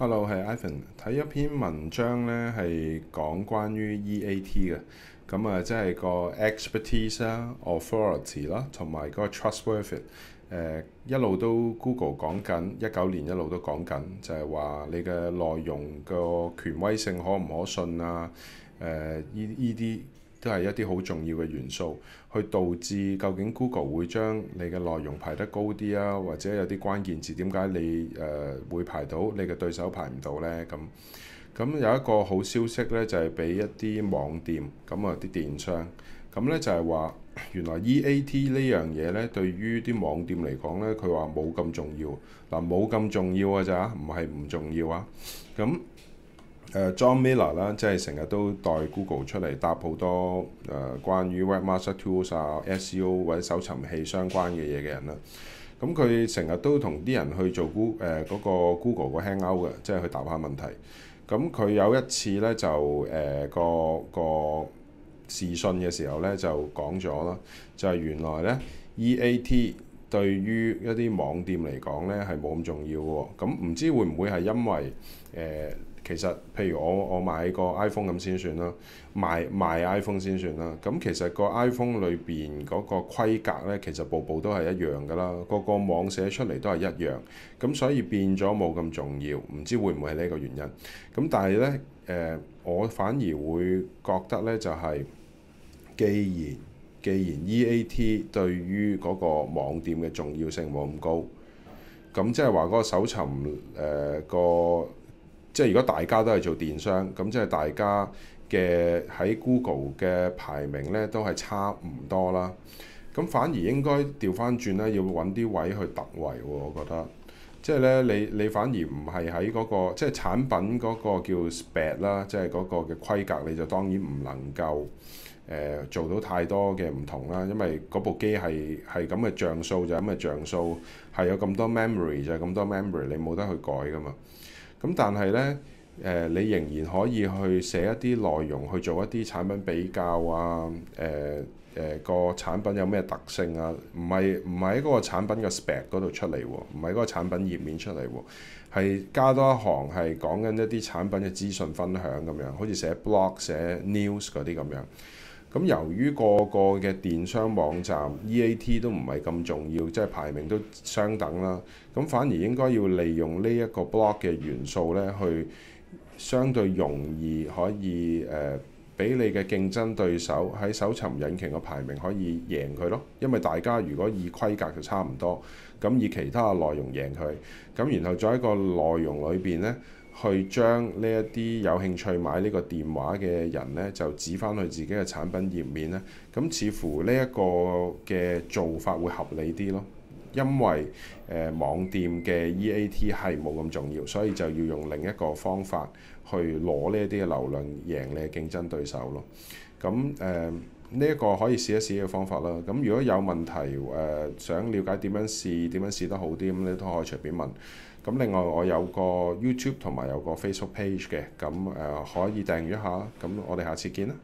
Hello，係 Ivan。睇一篇文章咧，係講關於 EAT 嘅，咁啊，即係個 expertise 啦、authority 啦，同埋嗰個 trustworthy、呃。誒一路都 Google 講緊，一九年一路都講緊，就係話你嘅內容個權威性可唔可信啊？誒呢呢啲。都係一啲好重要嘅元素，去導致究竟 Google 會將你嘅內容排得高啲啊，或者有啲關鍵字點解你誒會排到，你嘅對手排唔到呢？咁咁有一個好消息呢，就係畀一啲網店咁啊啲電商咁呢，就係話原來 EAT 呢樣嘢呢，對於啲網店嚟講呢，佢話冇咁重要嗱，冇咁重要啊，咋，唔係唔重要啊？咁誒、uh, John Miller 啦，即係成日都代 Google 出嚟答好多誒、呃、關於 Webmaster Tools 啊、SEO 或者搜尋器相關嘅嘢嘅人啦。咁佢成日都同啲人去做 Google 誒 Google、呃嗰個 Go Hangout 嘅，即係去答下問題。咁佢有一次咧就誒、呃嗰個、嗰個視訊嘅時候咧就講咗啦，就係、就係、原來咧 EAT。E AT, 對於一啲網店嚟講呢係冇咁重要喎。咁唔知會唔會係因為誒、呃，其實譬如我我買個 iPhone 咁先算啦，賣賣 iPhone 先算啦。咁、嗯、其實個 iPhone 裏邊嗰個規格呢，其實部部都係一樣嘅啦，個個網寫出嚟都係一樣。咁、嗯、所以變咗冇咁重要，唔知會唔會係呢一個原因？咁、嗯、但係呢，誒、呃，我反而會覺得呢就係、是，既然既然 EAT 對於嗰個網店嘅重要性冇咁高，咁即係話嗰個搜尋誒、呃、個即係如果大家都係做電商，咁即係大家嘅喺 Google 嘅排名咧都係差唔多啦。咁反而應該調翻轉咧，要揾啲位去突圍，我覺得，即係咧你你反而唔係喺嗰個即係產品嗰個叫 spec 啦，即係嗰個嘅規格，你就當然唔能夠。誒做到太多嘅唔同啦，因為嗰部機係係咁嘅像素，就咁嘅像素，係有咁多 memory 就係咁多 memory，你冇得去改噶嘛。咁但係呢，誒、呃、你仍然可以去寫一啲內容去做一啲產品比較啊，誒、呃、誒、呃、個產品有咩特性啊？唔係唔係喺嗰個產品嘅 spec 嗰度出嚟喎、啊，唔係喺嗰個產品頁面出嚟喎、啊，係加多一行係講緊一啲產品嘅資訊分享咁樣，好似寫 blog 寫 news 嗰啲咁樣。咁由於個個嘅電商網站 EAT 都唔係咁重要，即係排名都相等啦。咁反而應該要利用呢一個 blog 嘅元素咧，去相對容易可以誒俾、呃、你嘅競爭對手喺搜尋引擎嘅排名可以贏佢咯。因為大家如果以規格就差唔多，咁以其他嘅內容贏佢，咁然後再一個內容裏邊咧。去將呢一啲有興趣買呢個電話嘅人呢，就指翻去自己嘅產品頁面呢。咁似乎呢一個嘅做法會合理啲咯，因為誒、呃、網店嘅 EAT 係冇咁重要，所以就要用另一個方法去攞呢一啲嘅流量贏你嘅競爭對手咯。咁誒呢一個可以試一試嘅方法啦。咁如果有問題誒、呃，想了解點樣試，點樣試得好啲，咁你都可以隨便問。咁另外我有個 YouTube 同埋有個 Facebook page 嘅，咁誒可以訂閱一下，咁我哋下次見啦。